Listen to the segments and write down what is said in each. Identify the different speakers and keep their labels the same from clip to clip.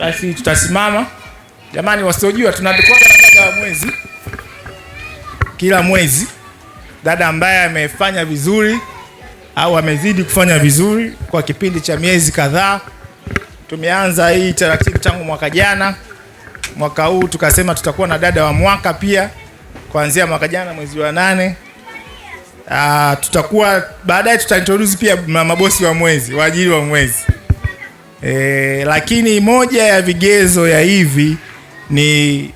Speaker 1: Basi tutasimama jamani, wasiojua tunadikwaga na dada wa mwezi kila mwezi, dada ambaye amefanya vizuri au amezidi kufanya vizuri kwa kipindi cha miezi kadhaa. Tumeanza hii taratibu tangu mwaka jana, mwaka huu tukasema tutakuwa na dada wa mwaka pia kuanzia mwaka jana mwezi wa nane. Aa, ah, tutakuwa baadaye, tutaintroduce pia mabosi wa mwezi, waajiri wa mwezi e, lakini moja ya vigezo ya hivi ni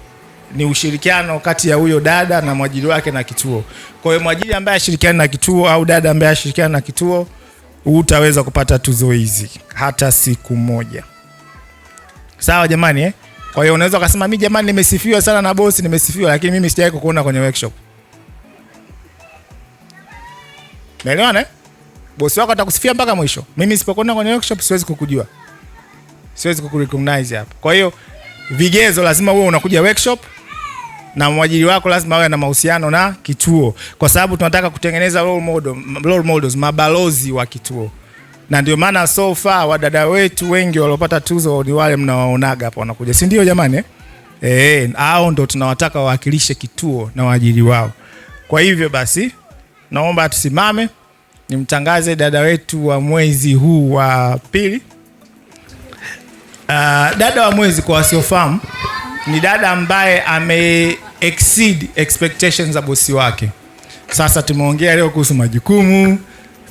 Speaker 1: ni ushirikiano kati ya huyo dada na mwajiri wake na kituo. Kwa hiyo mwajiri ambaye ashirikiana na kituo au dada ambaye ashirikiana na kituo utaweza kupata tuzo hizi hata siku moja. Sawa jamani eh? Kwa hiyo unaweza ukasema mimi jamani, nimesifiwa sana na bosi, nimesifiwa lakini mimi sijawahi kukuona kwenye workshop. ne? Eh? Bosi wako atakusifia mpaka mwisho. Mimi sipokuona kwenye workshop siwezi kukujua siwezi kukurecognize hapo. Kwa hiyo vigezo lazima uwe unakuja workshop na mwajiri wako lazima awe na mahusiano na kituo, kwa sababu tunataka kutengeneza role model, role models, mabalozi wa kituo, na ndio maana so far wadada wetu wengi waliopata tuzo ni wale mnawaonaga hapa wanakuja, si ndio jamani eh? E, hao ndo tunawataka wawakilishe kituo na waajiri wao. Kwa hivyo basi, naomba tusimame nimtangaze dada wetu wa mwezi huu wa pili Uh, dada wa mwezi kwa wasiofahamu ni dada ambaye ame exceed expectations za bosi wake. Sasa tumeongea leo kuhusu majukumu,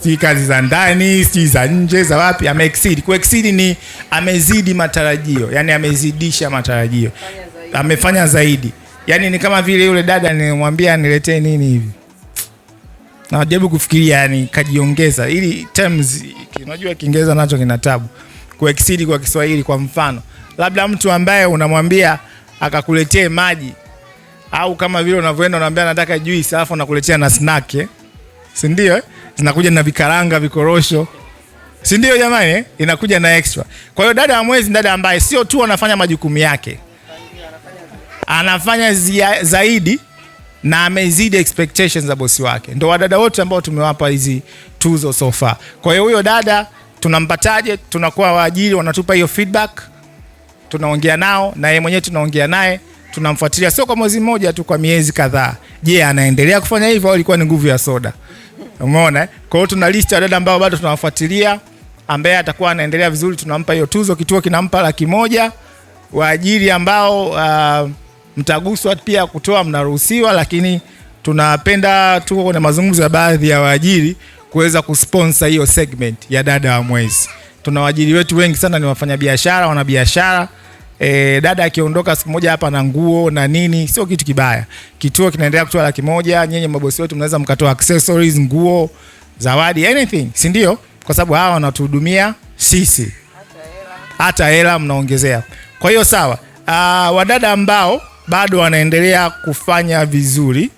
Speaker 1: si kazi za ndani, si za nje, za wapi, ame exceed. Ku exceed ni amezidi matarajio, yani amezidisha matarajio, amefanya zaidi. Yani ni kama vile yule dada nimwambia niletee nini hivi najaribu kufikiria, yani kajiongeza, ili terms, unajua Kiingereza nacho kina tabu kuexidi kwa Kiswahili. Kwa mfano, labda mtu ambaye unamwambia akakuletee maji au kama vile unavyoenda unamwambia nataka juice, alafu nakuletea na snack eh, si ndio eh? Zinakuja na vikaranga, vikorosho, si ndio jamani eh? Inakuja na extra. Kwa hiyo dada wa mwezi, dada ambaye sio tu anafanya majukumu yake, anafanya zia, zaidi na amezidi expectations za bosi wake. Ndio wadada wote ambao tumewapa hizi tuzo so far. Kwa hiyo huyo dada tunampataje? Tunakuwa waajiri wanatupa hiyo feedback, tunaongea nao na yeye mwenyewe tunaongea naye, tunamfuatilia sio kwa mwezi mmoja tu, kwa miezi kadhaa. Je, anaendelea kufanya hivyo au ilikuwa ni nguvu ya soda? Umeona? Eh? Kwa hiyo tuna list ya dada ambao bado tunawafuatilia, ambaye atakuwa anaendelea vizuri tunampa hiyo tuzo, kituo kinampa laki moja. Waajiri ambao uh, mtaguswa pia kutoa mnaruhusiwa, lakini tunapenda tuko kwenye mazungumzo ya baadhi ya waajiri kuweza kusponsa hiyo segment ya dada wa mwezi. Tuna waajiri wetu wengi sana ni wafanyabiashara, wanabiashara E, dada akiondoka siku moja hapa na nguo na nini, sio kitu kibaya. Kituo kinaendelea kutoa laki moja. Nyenye mabosi wetu mnaweza mkatoa accessories, nguo, zawadi, anything, si ndio? Kwa sababu hawa wanatuhudumia sisi, hata hela mnaongezea. Kwa hiyo sawa. Uh, wadada ambao bado wanaendelea kufanya vizuri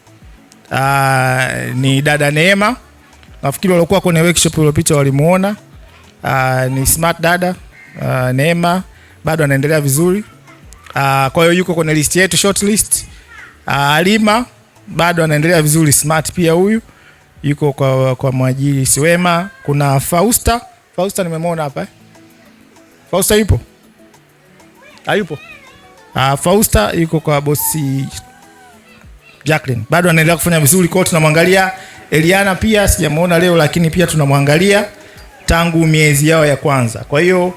Speaker 1: uh, ni dada Neema nafikiri waliokuwa kwenye workshop iliyopita walimuona. Uh, ni smart dada uh, Neema bado anaendelea vizuri uh, kwa hiyo yuko kwenye list yetu shortlist. Uh, Alima bado anaendelea vizuri, smart pia huyu yuko kwa, kwa mwajiri Siwema. Kuna Fausta, Fausta nimemwona hapa eh. Fausta yupo hayupo? Uh, Fausta yuko kwa bosi Jacqueline, bado anaendelea kufanya vizuri, kwa hiyo tunamwangalia Eliana pia sijamuona leo, lakini pia tunamwangalia tangu miezi yao ya kwanza. Kwa hiyo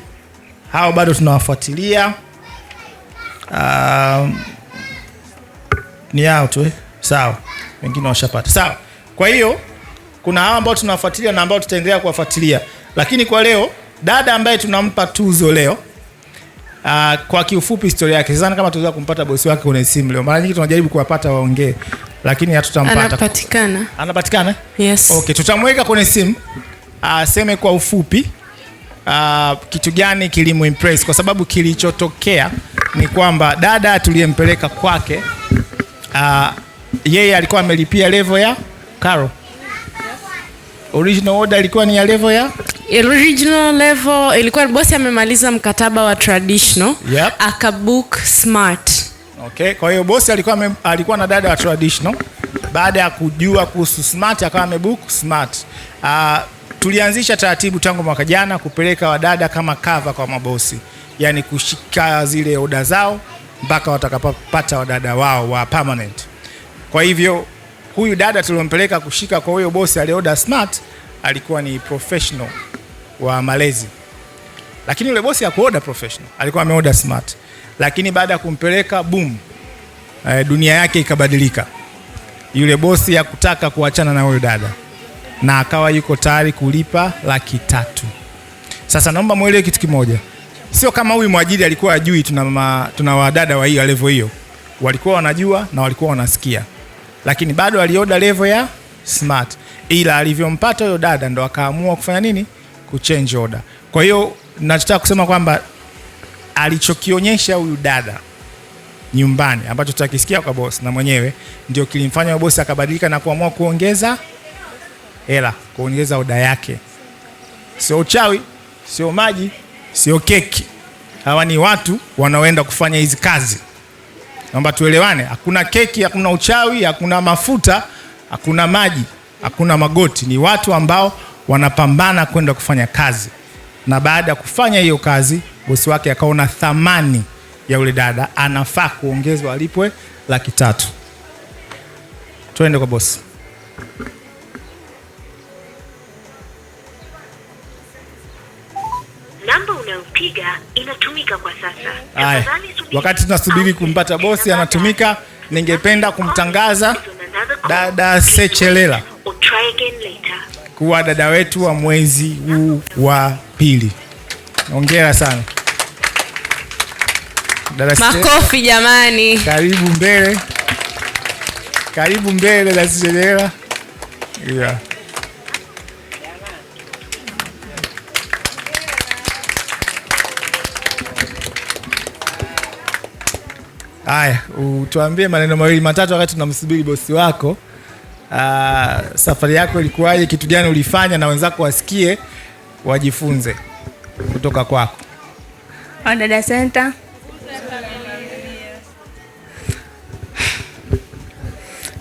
Speaker 1: hao bado tunawafuatilia. Um, ni hao tu eh? Sawa, wengine washapata. Sawa, kwa hiyo kuna hao ambao tunawafuatilia na ambao tutaendelea kuwafuatilia, lakini kwa leo dada ambaye tunampa tuzo leo Uh, kwa kiufupi historia yake, sidhani kama tunaweza kumpata bosi wake kwenye simu leo. Mara nyingi tunajaribu kuwapata waongee, lakini hatutampata.
Speaker 2: Anapatikana. Anapatikana? Yes.
Speaker 1: Okay, tutamweka kwenye simu aseme kwa ufupi Uh, kitu gani kilimuimpress kwa sababu kilichotokea ni kwamba dada tuliyempeleka kwake, ah, yeye alikuwa amelipia level ya karo Original order ilikuwa ni ya level ya
Speaker 2: original level, ilikuwa bosi amemaliza mkataba wa traditional yep. Akabook smart
Speaker 1: Okay, kwa hiyo bosi alikuwa me, alikuwa na dada wa traditional. Baada ya kujua kuhusu smart akawa amebook smart. Uh, tulianzisha taratibu tangu mwaka jana kupeleka wadada kama kava kwa mabosi, yaani kushika zile oda zao mpaka watakapata wadada wao wa permanent. Kwa hivyo huyu dada tuliompeleka kushika kwa huyo bosi alioda smart alikuwa ni professional wa malezi, lakini yule bosi hakuoda professional, alikuwa ameoda smart lakini baada ya kumpeleka boom, e, dunia yake ikabadilika. Yule bosi ya kutaka kuachana na huyo dada na akawa yuko tayari kulipa laki tatu. Sasa naomba mwelewe kitu kimoja, sio kama huyu mwajiri alikuwa ajui tuna, ma, tuna wadada wa hiyo levo hiyo, walikuwa wanajua na walikuwa wanasikia, lakini bado alioda levo ya smart, ila alivyompata huyo dada ndo akaamua kufanya nini, kuchange order. Kwa hiyo nachotaka kusema kwamba alichokionyesha huyu dada nyumbani ambacho tutakisikia kwa bosi na mwenyewe ndio kilimfanya bosi akabadilika na kuamua kuongeza hela, kuongeza oda yake. Sio uchawi, sio maji, sio keki. Hawa ni watu wanaoenda kufanya hizi kazi. Naomba tuelewane, hakuna keki, hakuna uchawi, hakuna mafuta, hakuna maji, hakuna magoti. Ni watu ambao wanapambana kwenda kufanya kazi, na baada ya kufanya hiyo kazi bosi wake akaona thamani ya yule dada, anafaa kuongezwa alipwe laki tatu. Tuende kwa bosi.
Speaker 3: Namba unayopiga inatumika kwa sasa.
Speaker 1: Aya, wakati tunasubiri kumpata bosi anatumika, ningependa kumtangaza dada Sechelela kuwa dada wetu wa mwezi huu wa pili. Hongera sana
Speaker 2: makofi jamani,
Speaker 1: karibu mbele, karibu mbele dada Yeah. Haya, utuambie maneno mawili matatu wakati tunamsubiri bosi wako. uh, safari yako ilikuwaje? Kitu gani ulifanya na wenzako wasikie, wajifunze kutoka kwako?
Speaker 2: Ah, dada Center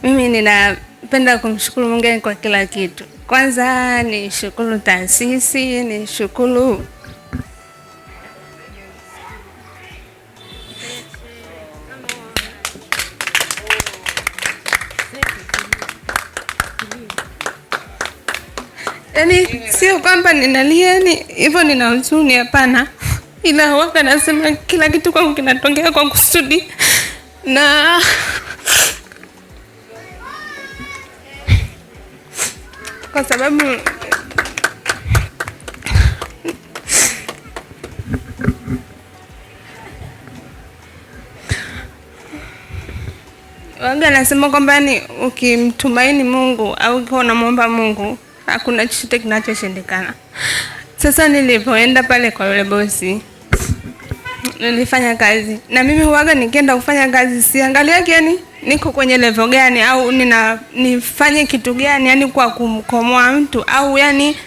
Speaker 2: Mimi ninapenda kumshukuru Mungu kwa kila kitu. Kwanza ni shukuru taasisi, ni shukuru Yaani sio kwamba ninalia ni yaani, hivyo, nina huzuni, hapana, ila waka nasema kila kitu kwangu kinatongea kwa kusudi na kwa sababu waga anasema kwamba ni ukimtumaini Mungu au ukiwa unamwomba Mungu hakuna chochote kinachoshindikana. Sasa nilipoenda pale kwa yule bosi nilifanya kazi na mimi huwaga nikienda kufanya kazi siangaliake yani niko kwenye level gani au nina nifanye kitu gani yani kwa kumkomoa mtu au yani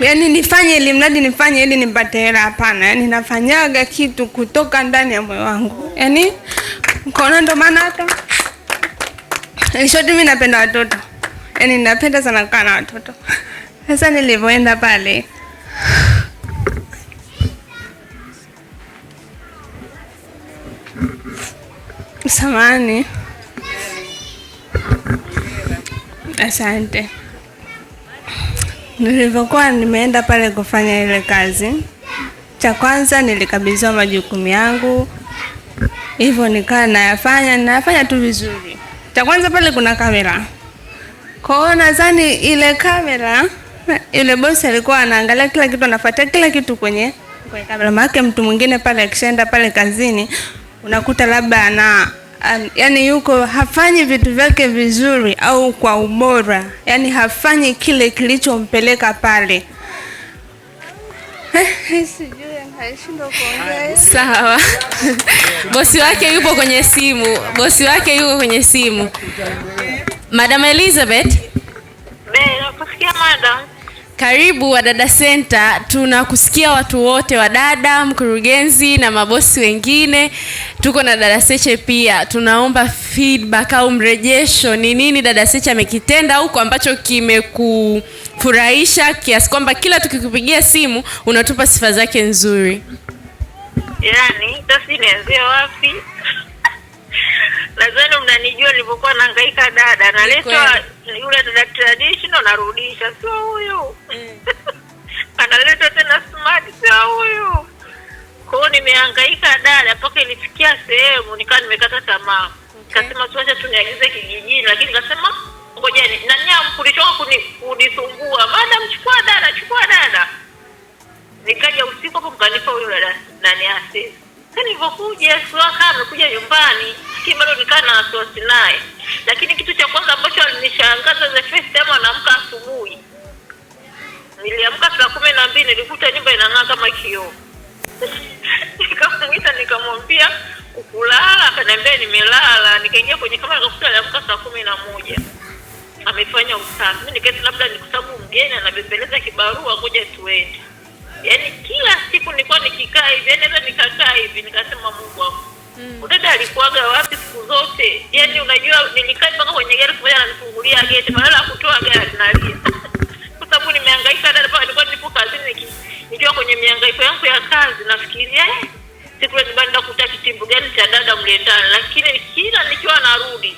Speaker 2: yani nifanye ili mradi nifanye ili nipate hela. Hapana, yani nafanyaga kitu kutoka ndani ya moyo wangu, yani mkono. Ndo maana hata nishoti, mi napenda watoto, yani napenda sana kukaa na watoto. Sasa nilivyoenda pale Samani, asante. Nilivyokuwa nimeenda pale kufanya ile kazi, cha kwanza nilikabidhiwa majukumu yangu, hivyo nikaa nayafanya, nayafanya tu vizuri. Cha kwanza pale kuna kamera, kwao, nadhani ile kamera, yule bosi alikuwa anaangalia kila kitu, anafuatia kila kitu kwenye kwenye kamera, maana mtu mwingine pale akishaenda pale kazini unakuta labda ana an, yani yuko hafanyi vitu vyake vizuri au kwa ubora, yani hafanyi kile kilichompeleka pale. Sawa. bosi wake yupo kwenye simu, bosi wake yuko kwenye simu. Madam Elizabeth,
Speaker 4: nakusikia madam.
Speaker 2: Karibu Wadada Center, tunakusikia watu wote, wadada, mkurugenzi na mabosi wengine. Tuko na dada Seche pia, tunaomba feedback au mrejesho. Ni nini dada Seche amekitenda huko ambacho kimekufurahisha kiasi kwamba kila tukikupigia simu unatupa sifa zake nzuri?
Speaker 4: Yani tasi wapi? Nadhani mnanijua nilipokuwa nahangaika dada, naletwa yule dada traditional narudisha, sio huyu mm. analeta tena smart, sio huyu. Kwa hiyo nimehangaika dada, mpaka ilifikia sehemu nikaa nimekata tamaa okay. Kasema tuacha tuniagize kijijini, lakini kasema ngoja nani kulichoka kuni, kunisumbua baada mchukua dada, chukua dada. Nikaja usiku hapo mkanipa huyu dada nani asisi nilivyokuja siwaka amekuja nyumbani, lakini bado nikaa na wasiwasi naye lakini kitu cha kwanza ambacho alinishangaza the first time anaamka asubuhi, niliamka saa kumi na mbili nilikuta nyumba inang'aa kama kioo nikamuita nikamwambia kulala, akaniambia nimelala. Nikaingia kwenye kama nikakuta aliamka saa kumi na moja amefanya usafi. Mimi nikaita labda ni kwa sababu mgeni anabembeleza kibarua, ngoja tuende. Yaani kila siku nilikuwa nikikaa hivi, yani hata nikakaa hivi nikasema Mungu wangu Mm. Udada alikuwaga wapi siku zote? Yaani unajua nilikaa mpaka kwenye gari kumoja ananifungulia gate badala ya kutoa gari nalia. Kwa sababu nimehangaika dada mpaka nilikuwa nipo kazini nikiwa kwenye mihangaiko yangu ya kazi nafikiria eh siku ile ndio kutaki timbu gani cha dada mlendani lakini kila nikiwa narudi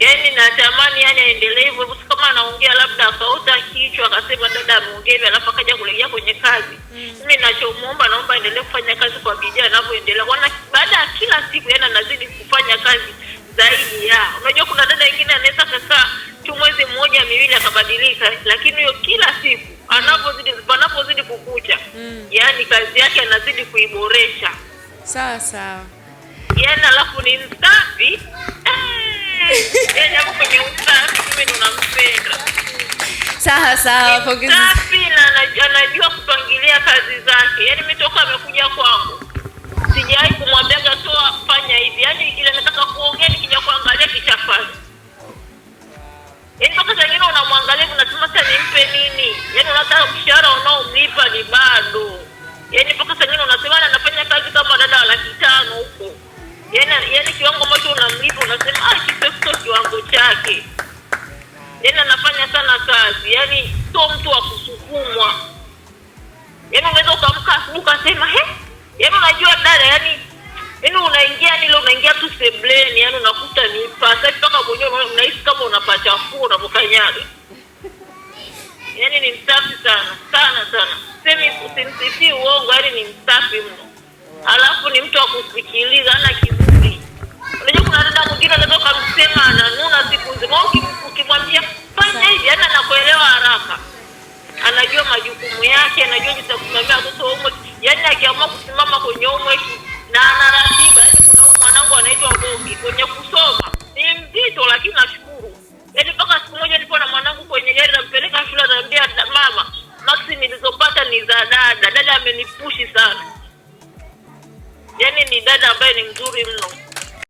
Speaker 4: Yaani natamani yani aendelee hivyo hivyo, kama anaongea labda akauta kichwa akasema dada ameongea hivi, alafu akaja kurejea kwenye kazi. Mm. Mimi mm. naomba aendelee kufanya kazi kwa bidii anavyoendelea, kwaona baada ya kila siku yani anazidi kufanya kazi zaidi ya. Unajua kuna dada wengine anaweza kakaa tu mwezi mmoja miwili akabadilika, lakini hiyo kila siku mm. anapozidi anapozidi kukucha mm. yani kazi yake anazidi kuiboresha.
Speaker 2: Sawa sawa,
Speaker 4: yani alafu ni msafi eh. Yaani sawa sawa, pongezi. Safi na anajua kupangilia kazi zake. Yaani mimi toka amekuja kwangu sijai kumwambia toa fanya hivi. Yaani ile nataka kuongea nikija kuangalia kishafanya. Yaani toka saa nyingine unamwangalia unasema sasa nimpe nini? Yaani unataka mshahara unaomlipa ni bado. Yaani mpaka sasa nyingine unasema anafanya kazi kama dada wa laki tano huko yani, yani kiwango ambacho unamlipa unasema ah, kitafuta kiwango chake. Yani anafanya sana kazi, yani sio mtu wa kusukumwa. Yani unaweza ukamka asubuhi ukasema he, yani unajua dada, yani yani unaingia nile yaani unaingia tu sebleni, yani unakuta ni pasa mpaka yaani mwenyewe unahisi kama unapachafua unapokanyaga. Yani ni msafi sana sana sana, semi simsifii uongo, yani ni msafi mno, alafu ni mtu wa kusikiliza, ana hana kuna dada mwingine unaweza ukamsema ananuna siku nzima, ukimwambia fanya hivi, yaani anakuelewa haraka, anajua majukumu yake, anajua jinsi ya kusimamia watoto homework. Yaani akiamua kusimama kwenye homework na ana ratiba, yaani kuna huyu mwanangu anaitwa Bobi kwenye kusoma ni mzito, lakini nashukuru. Yaani mpaka siku moja nilikuwa na mwanangu kwenye gari nampeleka shule, anaambia mama, maksi nilizopata ni za dada, dada amenipushi sana. Yaani ni dada ambaye ni mzuri mno.